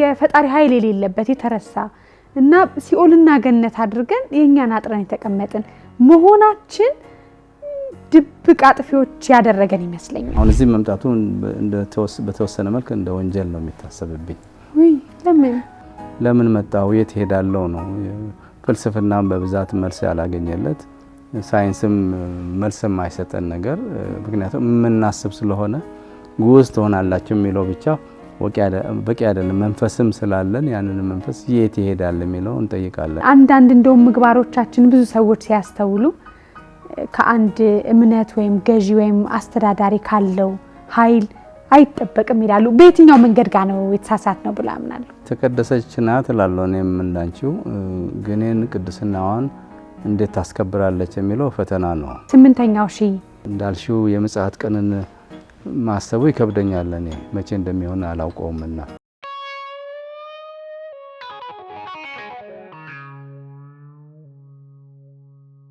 የፈጣሪ ኃይል የሌለበት የተረሳ እና ሲኦልና ገነት አድርገን የእኛን አጥረን የተቀመጥን መሆናችን ድብቅ አጥፊዎች ያደረገን ይመስለኛል። አሁን እዚህ መምጣቱ በተወሰነ መልክ እንደ ወንጀል ነው የሚታሰብብኝ። ለምን ለምን መጣሁ የት ሄዳለው ነው። ፍልስፍናም በብዛት መልስ ያላገኘለት ሳይንስም መልስ የማይሰጠን ነገር ምክንያቱም የምናስብ ስለሆነ ጉዝ ትሆናላችሁ የሚለው ብቻ በቂ አይደለም። መንፈስም ስላለን ያንን መንፈስ የት ይሄዳል የሚለው እንጠይቃለን። አንዳንድ እንደውም ምግባሮቻችን ብዙ ሰዎች ሲያስተውሉ ከአንድ እምነት ወይም ገዢ ወይም አስተዳዳሪ ካለው ኃይል አይጠበቅም ይላሉ። በየትኛው መንገድ ጋር ነው የተሳሳት ነው ብላ አምናለሁ። የተቀደሰች ናት እላለሁ። እኔም እንዳንቺው ግኔን ቅድስናዋን እንዴት ታስከብራለች የሚለው ፈተና ነው። ስምንተኛው ሺ እንዳልሽው የምጽአት ቀንን ማሰቡ ይከብደኛል። እኔ መቼ እንደሚሆን አላውቀውምና